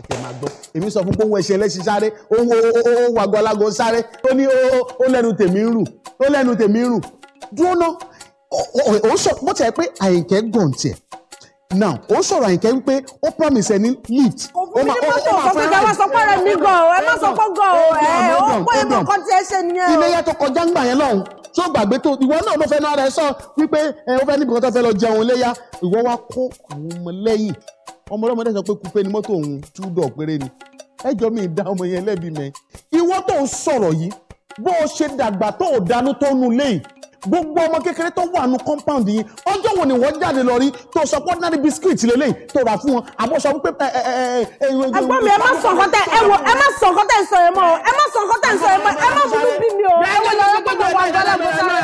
ẹ̀kẹ́ máa gbọ́ èmi sọ fún pé owó ẹṣẹ ẹlẹ́ṣin sáré owó owó agọlágọ sáré ó ní ó lẹ́nu tèmi ń rù ó lẹ́nu tèmi ń rù dúró ná ó sọ bó tẹ̀ pé àyìnkẹ́ gàn tiẹ̀ now ó sọ̀rọ̀ àyìnkẹ́ wípé ó promise ẹni lift. òfin ní mọ́tò kọ́kọ́ ìjà wa sọ pẹ́rẹ́ mi gan ọ ẹ má sọ pé gan ọ ẹ ó pé ìmọ̀ kan tiẹ̀ ṣe nìyẹn o. iléyà tó kọjá ń gbà yẹn lọ́hùn tó gbàgbé tó ìwọ náà ló fẹ́ náà rẹ sọ wípé ẹ ó fẹ́ níbi kan tó fẹ́ lọ jẹun iléyà ìwọ wa kó àwọn ọmọ lẹ́yìn ọmọ ọlọ́mọdé sọ pé kúpé ni mọ́tò òun túdọ̀ péré ni ẹjọ́ mi dá ọmọ yẹn lẹ́bi mẹ́ ìwọ tó ń sọ̀rọ̀ yìí bó o ṣe dàgbà tó o dànù tó nu léyìí gbogbo ọmọ kékeré tó wà nù compound yìí ọjọ́ wo ni wọ́n jáde lọ rí tó sọ pé ordinary biscuit lélẹ̀ tó rà fún wọn àbọ̀ sọ pé. Eh, eh, eh, ẹ̀gbọ́n mi ẹ má sọ nǹkan ẹ wò ẹ má sọ nǹkan tẹ sọ yẹn mọ́ ẹ má sọ nǹkan sọ yẹn mọ́ ẹ má bínú bí mi o. ẹ wọ́n lọ rẹ gbọ́dọ̀ wà gbọ́dọ̀ ṣé kò yẹ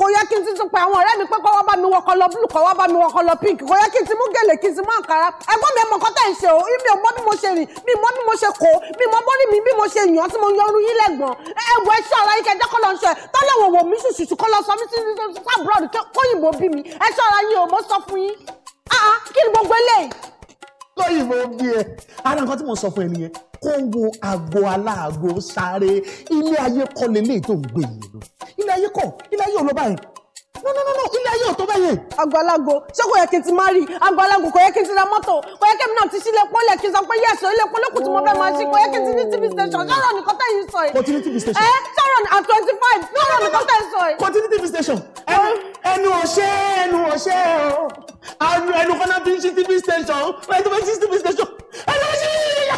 kò yẹ kí n tuntun pé àwọn ọ̀rẹ́ mi pé kọ́ wá bá mi wọkọ lọ blue kọ́ wá bá mi wọkọ lọ pink kò yẹ kí n ti mú gèlè kí n ti mú àǹkárá ẹ̀gbọ́n mi ẹ mọ̀ nǹkan o mi ò mọ̀ bí mo ṣe rìn mi mọ̀ bí mo ṣe kó mi mọ̀ bọ́ọ̀lì mi bí mo ṣe yàn tí mo yọrù yín lẹ́gbọ̀n ẹ wọ ẹ ṣọ́ ara yín kẹjọ́ kọ́ lọ sọ ẹ̀ tọ́lọ́wọ̀ wò mí ṣùṣùṣù kọ́ lọ sọ mí sí abroad kóyìnbó bí mi ẹ ṣọ́ra yín o mo sọ fún yín ah, ah, kí ni gbogbo eléyìí. lóyìnbó bí ẹ ara nǹkan tí mo sọ fún ẹ nìyẹn kó wo àgọ aláàgọ sáré ilé ayé kọ́ lélẹ́yìí tó ń gbé yìí lọ ilé ayé kọ́ ilé ayé olóbàyìn no no no no ilé ayé ò tó bẹ́ẹ̀ yẹn. àgbàlagbò ṣé kò yẹ kí n ti má rí àgbàlagbò kò yẹ kí n ti ra mọ́tò kò yẹ kí mi náà ti sílẹ̀ pọ́lẹ̀ kí n sọ pé yẹ̀sọ̀ ilé pọ́lẹ́kù tí mo fẹ́ máa ṣe kò yẹ kí n ti ní tv station sọ̀rọ̀ nìkan tẹ̀ yín sọ yìí. kò ti ní tv station. ẹ sọ̀rọ̀ at twenty five sọ̀rọ̀ nìkan tẹ̀ sọ yìí. kò ti ní tv station. ẹnu ọ̀ṣẹ́ ẹnu ọ̀ṣẹ́ ẹnu kọ́nà fi ń ṣí tv station ẹnu fi ń ṣí tv station ẹnu fi ń ṣí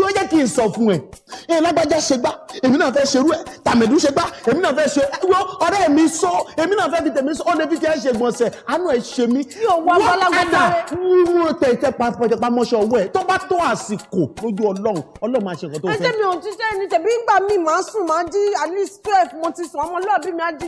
wọ́n jẹ́ kí n sọ fún ẹ̀ ẹ̀ lágbájá ṣe gbá èmi náà fẹ́ ṣerú ẹ̀ tàmẹ̀dù ṣe gbá èmi náà fẹ́ ṣe wọ́n ọ̀rẹ́ mi sọ èmi náà fẹ́ fi tèmi sọ ó lè fi tiẹ̀ ṣe gbọ̀nsẹ̀ àánú ẹ̀ ṣe mí. wọ́n padà mú tẹ̀tẹ̀ pàmọ́ṣọ ọwọ́ ẹ̀ tó bá tó àsìkò lójú ọlọ́run ọlọ́run máa ṣe nǹkan tó fẹ́. ẹsẹ̀ mi ò ti sẹ́ni tẹ̀bí ń gbà mí màá sùn màá di at least twelve mo ti sùn ọmọlúwàbí mi á di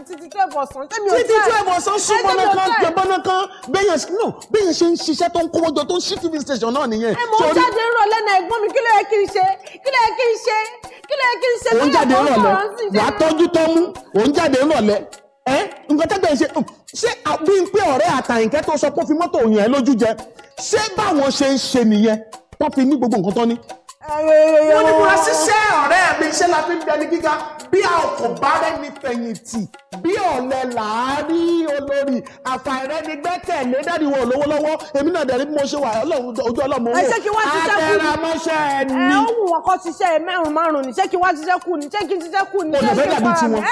òun jáde ńlọlẹ wàá tọ́jú tọ́mú òun jáde ńlọlẹ ẹ nǹkan tẹ́gbẹ́ ṣe um, ṣé bí n pé ọ̀rẹ́ àtàyìnkẹ́ tó sọ pé ó fi mọ́tò òyìn ẹ lójú jẹ ṣé báwọn ṣe ń ṣe nìyẹn wọ́n fi ní gbogbo nǹkan tán ni. wọ́n ní múra ṣiṣẹ́ ọ̀rẹ́ mi ṣé la fi ń bẹ ní gíga bí a kò bá rẹ́ni fẹ̀yìntì bí ọ̀lẹ́ làárí olórí àfàìrẹ́nigbẹ́kẹ̀lé dáàdi wọn lówó lọ́wọ́ èmi náà dẹ̀rí bí mo ṣe wà ojú ọlọ́mọ wò àtẹ̀rámọ́ṣẹ́ ẹni. ẹ ó wù ọkọ ṣiṣẹ́ mẹ́rùn márùn ní ṣé wá ṣiṣẹ́ kù ní ṣé ṣiṣẹ́ kù ní. olè fẹ́ dàbí tiwọn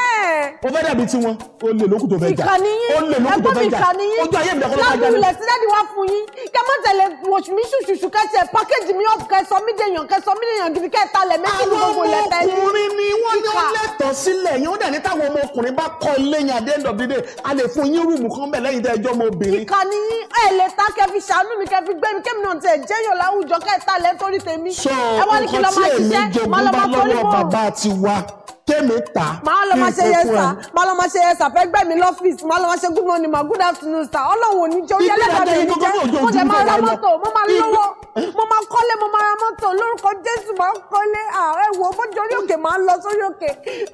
olè dàbí tiwọn olè lókù tó fẹ́ jà olè lókù tó fẹ́ jà ojú ayé mi lọ́kọ́ tọ́ sílẹ̀ yẹn ó dẹ̀ ní táwọn ọmọkùnrin bá kọ́ ilé yẹn at the end of the day a lè fún yín rúùmù kan bẹ̀ lẹ́yìn ẹjọ́ mo bìnrin. ìkànnì ẹ lè ta kẹfì ṣàánú mi kẹfì gbé mi kémi náà tẹ jẹyàn láwùjọ kẹta lẹ tèmi. so nǹkan tí èmi jogún bá lọ́wọ́ bàbá ti wá kémi ta kí n ṣe fún ẹ. máa lọ máa ṣe yẹsà fẹ́ gbẹ́ lọ máa ṣe good morning ma good mi ní mo máa kọ́lé mo máa ra mọ́tò lórúkọ jésù máa kọ́lé ẹ wò ó orí òkè máa lọ sórí òkè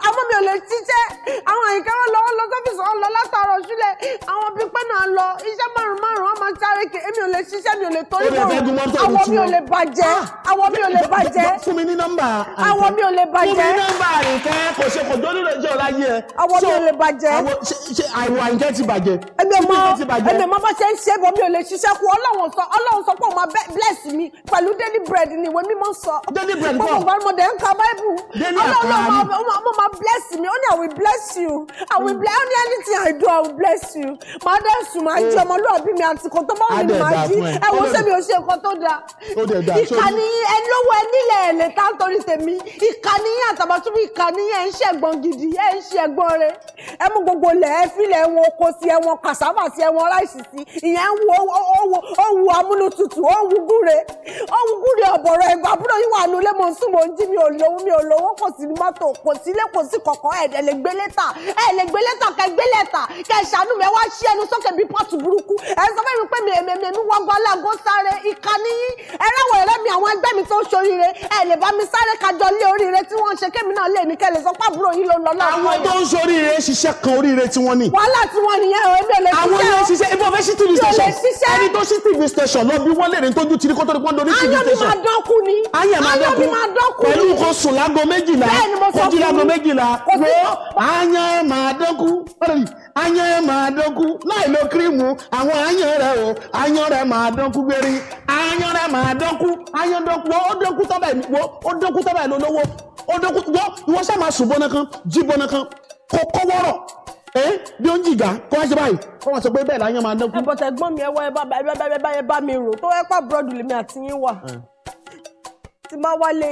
àmọ́ mi ò lè ṣiṣẹ́ àwọn àyíká wọn lọ lọ sọ́fíìsì wọn lọ látàárọ̀ sílẹ̀ àwọn bíi pẹ́ náà lọ iṣẹ́ márùn márùn wọn máa sáré ké èmi ò lè ṣiṣẹ́ mi ò lè torí mọ́ àwọn ah! mi ò lè bàjẹ́ àwọn mi ò lè bàjẹ́ fún mi ní nọ́mbà àwọn mi ò lè bàjẹ́ fún mi ní nọ́mbà àyíkẹ́ kò ṣe kò dóní lè jẹ́ ọ̀la mi pẹ̀lú daily bread ni ìwé mímọ́ sọ. daily bread kọ́ gbogbo àmọ́ dẹ̀ ń ka báíbù. daily àkàrà mi ọlọ́run ọmọ ma bless me ó I will bless you I will bless only anything I do I will bless you. màá dẹ̀ sùn màá jí oh. ọmọ lọ́ọ̀bí mi àti kò tó bá wù mí màá jí ẹ wo sẹ́mi ò ṣe nǹkan tó dáa. ìkànnì ẹ lówó ẹ nílẹ̀ ẹ̀ lè tá tèmi ìkànnì yẹn àtàbàtúbù ìkànnì yẹn ń ṣẹ̀gbọ́n gidi ẹ̀ ń ṣẹ̀gbọ́n rẹ̀ ẹ mú gbogbo lẹ̀ ẹ filẹ̀ ẹ̀wọ̀n oko sí ẹ̀wọ̀n kàsáfà sí ẹ̀wọ̀n ráìsì ìyẹn ń wo owó amúnútutù ó ń gúre ṣe ọ̀hún kúrẹ́ ọ̀bọ̀rọ̀ ẹ̀gbọ́n àbúrò yín wà nù lé mo ń sùn mo mi ò lówó mi ò lówó kò sí mọ́tò kò sí ilé kò sí kọ̀kọ́ ẹ̀ lè gbé lẹ́tà ẹ̀ lè gbé lẹ́tà kẹ́ gbé lẹ́tà kẹ́ ṣàánú mi ẹ wá ṣí ẹnu sókè bí pọ́ọ̀tù burúkú ẹ sọ fẹ́ mi pé mi èmi èmi wọ́n gbọ́ aláàgó sáré ìka níyín ẹ ráwọ̀ ẹ̀rẹ́ mi àwọn ẹgbẹ́ mi tó ṣoríire ẹ lè bá tó di pọ́n dorí sí ibi tẹ̀sán. ayọ̀ mi máa dọ́kú ni. ayọ̀ mi máa dọ́kú ni. pẹ̀lú nǹkan sùn lágo méjìlá. bẹ́ẹ̀ ni mo sọ fún mi. ó jí lágo méjìlá. wo ayọ̀ máa dọ́kú. ayọ̀ máa dọ́kú. láì lo kírímù àwọn ayọ̀ rẹ̀ o ayọ̀ rẹ̀ máa dọ́kú gbérí. ayọ̀ rẹ̀ máa dọ́kú. ayọ̀ dọ́kú ó dọ́kú tọ́bẹ̀ wo ó dọ́kú tọ́bẹ̀ lólówó ó dọ́kú wọ́ ìwọ máa sùn bọ́nà kan jí bọ́nà kan kó kọ́wọ́rọ̀ ẹ bí ó ń jìgà kó wá ṣe báyìí kó wá sọ pé bẹ́ẹ̀ láyán máa dẹ́kun. ẹ̀bọ̀tà ẹ̀gbọ́n mi ẹ wá bá ẹ bá mi rò tó ẹ pa búrọ́dù lèmi àti yín wà tí má wá lé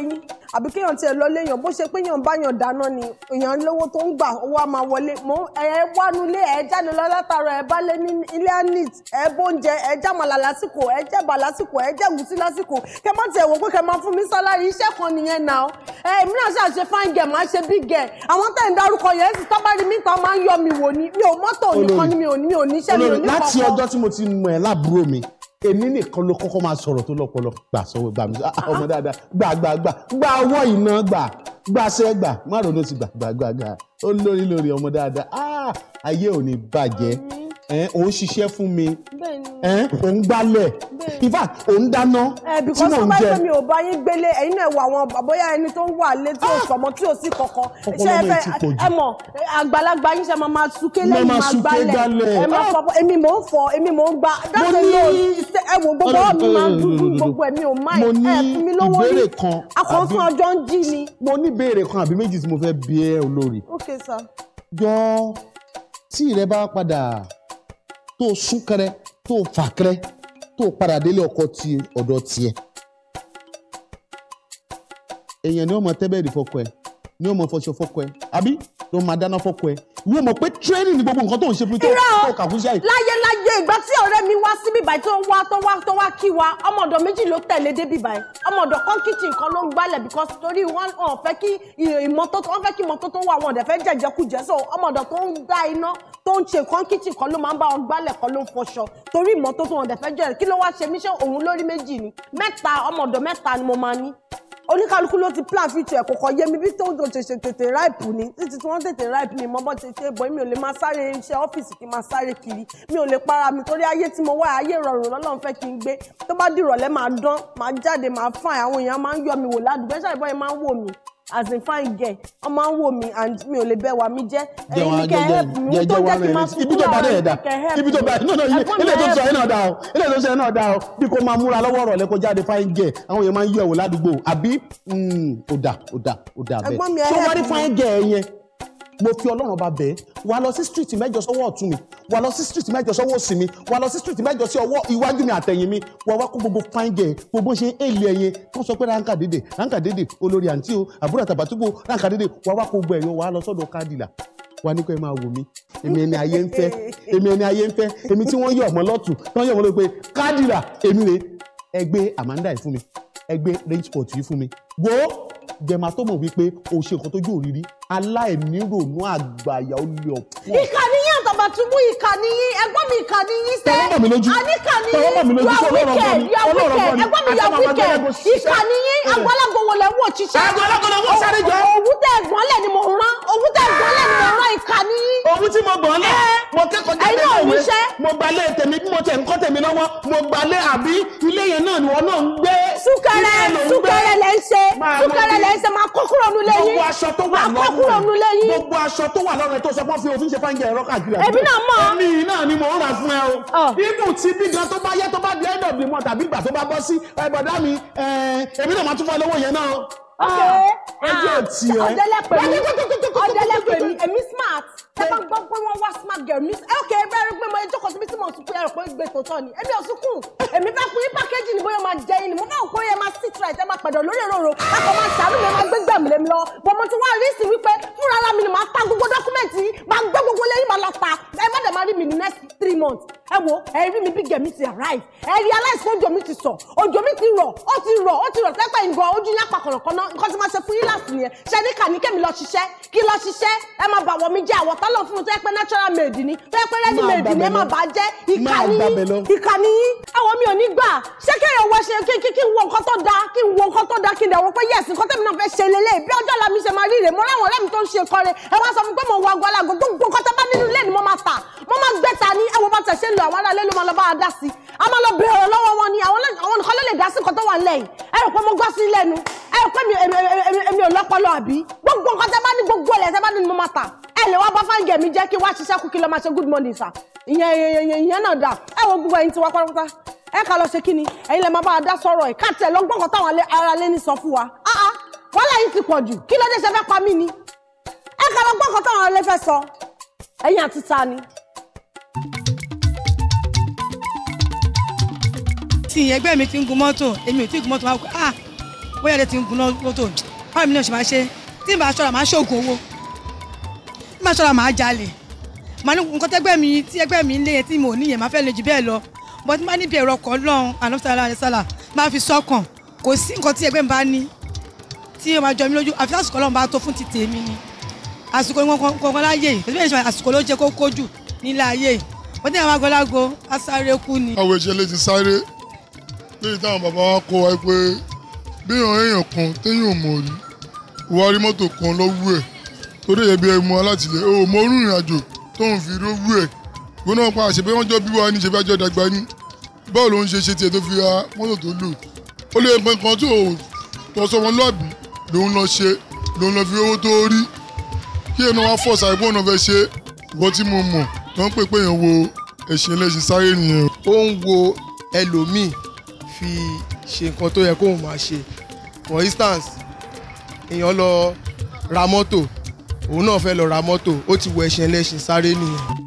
àbí kéèyàn tiẹ̀ lọ léèyàn bó ṣe pé èèyàn bá yàn dáná ni èèyàn lówó tó ń gbà owó á máa wọlé mọ ẹ wánulé ẹ jáde lọ látara ẹ bá lé ní ilé anit ẹ bóúnjẹ ẹ jàmàlà lásìkò ẹ jẹ̀bà lásìkò ẹ jẹ̀gúsí lásìkò kẹ má tiẹ̀ wò pé kẹ máa fún mi sálárì iṣẹ́ kan nìyẹn náà ẹ èmi náà ṣáà ṣe gẹ̀ máa ṣe bí gẹ̀ àwọn tẹ̀ ń darúkọ yẹn sì tọ́ mi tán máa ń yọ mi wò ní mi ò mọ́tò èmi nìkan ló kọ́kọ́ máa sọ̀rọ̀ tó lọ́pọlọ gbà sọ́wọ́ gbà mí ah, ọmọ dáadáa gbà gbà gbà gbà ọwọ́ iná gbà gbàṣẹ́ gbà má ronú sí gbà gbà gbà gbà ó lórí lórí ọmọ dáadáa ah, ayé ò ní bàjẹ́ òun ṣiṣẹ́ fún mi òun gbálẹ̀ in fact òun dáná tí mò ń jẹ. bìkọ́sọ́ máa ń pè mí ò bá yín gbélé ẹ̀yin náà wà wọn bóyá ẹni tó ń wà lé tí ò ah! sọ̀mọ́ tí ò sí kankan ṣé ẹ fẹ́ ẹ mọ̀ àgbàlagbà yín ṣe máa súké lẹ́yìn máa gbálẹ̀ ẹ máa ah! fọ èmi mò ń fọ èmi mò ń gbá dáṣẹ́ ló ẹ wò gbogbo mi máa dúdú gbogbo ẹ̀mí ò máa ẹ̀ fún mi lówó ní àkọ́fún ọjọ́ ń jí ni. mo ní ìbéèrè kan àbí méjì tí mo fẹ́ bi ẹ́ olórí. ok sir. jọ tí ìrẹ tó sún kẹrẹ tó fà tó padà délé ọkọ ti ọ̀dọ̀ tiẹ̀ èèyàn ni ó mọ tẹ́bẹ̀rì fọkọ ẹ ni ó mọ fọṣọ fọkọ ẹ àbí ló máa dáná fọkọ ẹ ìwé mọ̀ pé training ni gbogbo nǹkan tó ń ṣe fún mi tó kà fún ṣáì. láyé ìgbà tí ọ̀rẹ́ mi wá síbí báyìí tó wá tó wá tó wá kí wa ọmọ ọ̀dọ̀ méjì ló tẹ̀lé débí báyìí ọmọ ọ̀dọ̀ kan kitchen kan ló ń gbálẹ̀ because torí wọn fẹ́ kí ìmọ́tótó wọn fẹ́ kí ìmọ́tótó wà wọn ò dẹ̀ fẹ́ jẹ̀jẹ̀kújẹ̀ so ọmọ ọ̀dọ̀ tó ń dá iná tó ń ṣe nǹkan kíchìn kan ló máa ń bá wọn gbálẹ̀ kan ló ń fọṣọ torí ìmọ́tótó wọn dẹ̀fẹ́ jẹ́ kí ló wá ṣe mí ṣé òun lórí méjì ni mẹ́ta ọmọ mẹ́ta ni mo máa ní oníkálukú ló ti plan future ẹ̀kọ́ kan yé mi bí tó ń tó tètè ráìpù ni títí tí wọ́n tètè ráìpù ni mọ́bọ́ ti ṣe bọ́ mi ò lè máa sáré iṣẹ́ ọ́fíìsì kí n máa sáré kiri mi ò lè para mi torí ayé tí mo wá ayé rọrùn lọ́lọ́run fẹ́ kí n gbé tó bá dìrọ̀lẹ́ máa dán máa jáde máa fàn àwọn èèyàn máa ń yọ mi wò ládùúgbò ẹ̀ṣẹ̀ ìbọn yẹn máa ń wò mí as in fine girl ọmọ ń wo mí and mi ò lè bẹ́ẹ̀ wà mí jẹ́ ẹ̀yin ni kẹ́ help mi tó jẹ́ kí n máa sunkún àwọn ẹ̀yin kẹ́ help mi ibi tó bá yẹn dà ilé tó sọ yẹn náà dà o ilé tó sọ yẹn náà dà o bí kò máa múra lọ́wọ́ ọ̀rọ̀ lẹ́kọ̀ọ́ jáde fine girl àwọn èèyàn máa ń yẹ̀wò ládùúgbò àbí hmm, ó dà ó dà ó dà bẹ́ẹ̀ tó wá rí fine girl yẹn mo fi ọlọ́run bá bẹ́ẹ̀ wà lọ sí street mẹ́jọ sọ́wọ́ ọ̀tún mi wà lọ sí street mẹ́jọ sọ́wọ́ òsì mi wà lọ sí street mẹ́jọ sí ọwọ́ iwájú mi àtẹ̀yìn mi wà wá kó gbogbo fine girl gbogbo ṣe èlé ẹ̀yẹ tó sọ pé ránkà dédè ránkà dédè olórí àǹtí o àbúrò àtàbàtúgbò ránkà dédè wà wá kó gbogbo ẹ̀yọ wà lọ sọ́dọ̀ kádìlà wa ní kó ẹ máa wò mí èmi ẹni ayé ń fẹ́ èmi ẹni ayé ń fẹ́ èmi tí wọ́n yọ̀ mọ́ lọ́tù wọ́n yọ̀ mọ́ lọ́tù pé kádìlà èmi rè ẹgbẹ́ Amanda yìí fún mi ẹgbẹ́ range sport yìí fún mi wò ó dermatoma wípé o ṣe nǹkan tójú òrírí aláìnírònú àgbàyà olè ọ̀pọ̀. ìkànnì yín àtàbàtúbú ìkànnì yín ẹ̀gbọ́n mi ìkànnì yín sẹ tọwọ́ mi lójú tọwọ́ mi lójú sí ọlọ́rọ̀ gan ni ọlọ́rọ̀ gan ni ẹ̀gbọ́n mi yà wíkẹ ìkànnì yín wo lẹ ń wò ṣiṣẹ́. agbálago lẹ ń wò sáré jọ. òwú ni mo rán òwú tẹ ni mo rán ìkànnì yín. òwú tí mo gbọ́n lẹ̀ eh, mo kẹ́kọ̀ọ́ jáde ìwé mo gbalẹ̀ tèmi bí mo tẹ̀ ń kọ́ tèmi lọ́wọ́ mo kúrò nulẹ̀ yín gbogbo aṣọ tó wà lọ́rùn máa kúrò nulẹ̀ yín gbogbo aṣọ tó wà lọ́rùn tó sọ pé fi òfin ṣe fáńjẹ ẹ̀rọ káàkiri àti èmi náà mọ̀ èmi náà ni mò ń rà fún ẹ o ibù tí bí gan tó bá yẹ tó bá di end of the tàbí ìgbà tó bá bọ́ sí ẹ̀bọ̀dá mi èmi náà máa tún fọ́ lówó yẹn náà. ok ọdẹlẹpẹ mi ọdẹlẹpẹ mi èmi smart ẹ bá gbọ́ pé wọ́n wá smart girl mi ẹ ok ẹ bá rí pé mo ẹ jókòó síbi tí mo sùn pé ẹrù pé gbé tòótọ́ ni èmi ò sunkún èmi fẹ́ fún yín pákéjì ni bóyá máa jẹ yín ni mo máa kó yẹ máa sit right ẹ máa pẹ̀dọ̀ lórí èrò akọ máa ṣàánú mi máa gbé gbẹ̀mí lèmi lọ bọ̀ mo ti wá rí sí wípé fúnra mi ni màá ta gbogbo dọ́kúmẹ̀ntì máa gbé gbogbo lẹ́yìn máa lọ ta ẹ má dẹ̀ máa rí mi ní next three months ẹ wo ẹ rí mi bí gẹ̀mí ti arrive ẹ realize pé òjò mi ti sọ òjò mi ti rọ̀ ó ti rọ̀ ó ti rọ̀ sẹ́pẹ̀ ìgbọ̀n ojú yín apàkọ̀rọ̀ kan náà nǹkan tí wọ́n ṣe fún yín láti yẹn ṣe ní kàní kẹ́mi lọ ṣiṣẹ́ kí lọ ṣiṣẹ́ ẹ máa bàwọ̀ mi jẹ́ àwọ̀ tọ́lọ̀ fún mi tó natural made ni tó yẹ pé ready made ni ẹ máa bà jẹ́ ìkànnì yín àwọn mi ò ní gbà ṣé kéèyàn wọ ṣe kí kí n wo nǹkan tó dáa kí n wo nǹkan tó dáa kí n dẹ̀ wọ́n pé yẹ̀sì nǹkan tẹ̀mí náà fẹ́ ṣe lélẹ̀ bí ọjọ́ la mi ṣe tẹ̀ ṣe ń lo àwọn aráalé ló máa lọ bá a dá sí a máa lọ bèèrè lọ́wọ́ wọn ni àwọn nìkan ló lè dá sí nǹkan wà lẹ́yìn ẹ rò pé mo gbọ́ sí lẹ́nu ẹ rò pé èmi ò lọ́pọlọ àbí gbogbo nǹkan tẹ́ bá ní gbogbo ẹ̀ tẹ́ bá ní mo máa tà ẹ lè wá bá fáńgẹ̀ mi jẹ́ kí wá ṣiṣẹ́ kú kí lọ máa ṣe good morning sir ìyẹn ìyẹn náà dà ẹ wo gbogbo ẹ̀yin ti wá pátápátá ẹ ká lọ ṣe kí ni ẹ̀yin lè máa bá a dá sọ̀rọ̀ ẹ̀ káàtì ẹ̀ lọ́gbọ́n kan táwọn aráalé ní sọ eighteen ẹgbẹ́ mi ti ń gun mọ́tò èmi ò tí ì gun mọ́tò máa wò ah bóyá ẹ̀ ti ń gun mọ́tò báwo mi náà ṣe máa ṣe tí n bá ṣọ́ra máa ṣoògùn owó tí n bá ṣọ́ra máa jalè màá ní nǹkan tẹ́gbẹ́ mi tí ẹgbẹ́ mi ń lé yẹn tí mo níyẹn máa fẹ́ lè jù bẹ́ẹ̀ lọ bọ́n tí n bá níbi ẹ̀rọ ọkọ̀ lọ́hùn anamsala alẹ́sàlà máa fi sọ́kàn kò sí nǹkan tí ẹgbẹ́ mi bá ní tí ó máa jọ mí lójú àfi àsìkò ọlọ́run bá tó fún ti tèmi ni àsìkò kankan láyè ìgbésẹ̀ àsìkò ló jẹ́ kó kójú nílé ayé bọ́n tí àwọn agọlágo á sáré kú ni. àwọn ìṣẹ̀lẹ̀ ti sáré lórí táwọn bàbá wa kó wa pé bí èèyàn èèyàn kan téèyàn ò mọ̀ rí wàá rí mọ́tò kan lọ́wọ́ ẹ̀ torí ẹ̀bí ẹ̀ mú alátìlẹ̀ o mọ orú ìrìn àjò tó ń fi lọ́wọ́ ẹ̀ gbóná pa àṣẹ pé wọ́n jọ bí wa ní ìṣẹ́fẹ́ àjọ ìdàgbà ní báwo ló ń ṣe ṣe tiẹ̀ tó fi ra mọ́tò tó lò ó lè pẹ́ kan tó tọ́sọ wọn lọ́ọ̀bì lòun lọ ṣe lòun lọ fi owó tó rí kí ẹ̀ náà fọ̀ sáré náà fẹ́ ṣe ìwọ tí mo mọ̀ tó ń pè pé wo ẹ̀ṣin ẹlẹ́ṣin sáré nìyẹn. ó ń wo ẹlòmíì fi ṣe nǹkan tó yẹ kóun máa ṣe for instance èèyàn lọ ra mọ́tò òun náà fẹ́ lọ ra mọ́tò ó ti wọ ẹṣin ẹlẹ́ṣin sáré nìyẹn.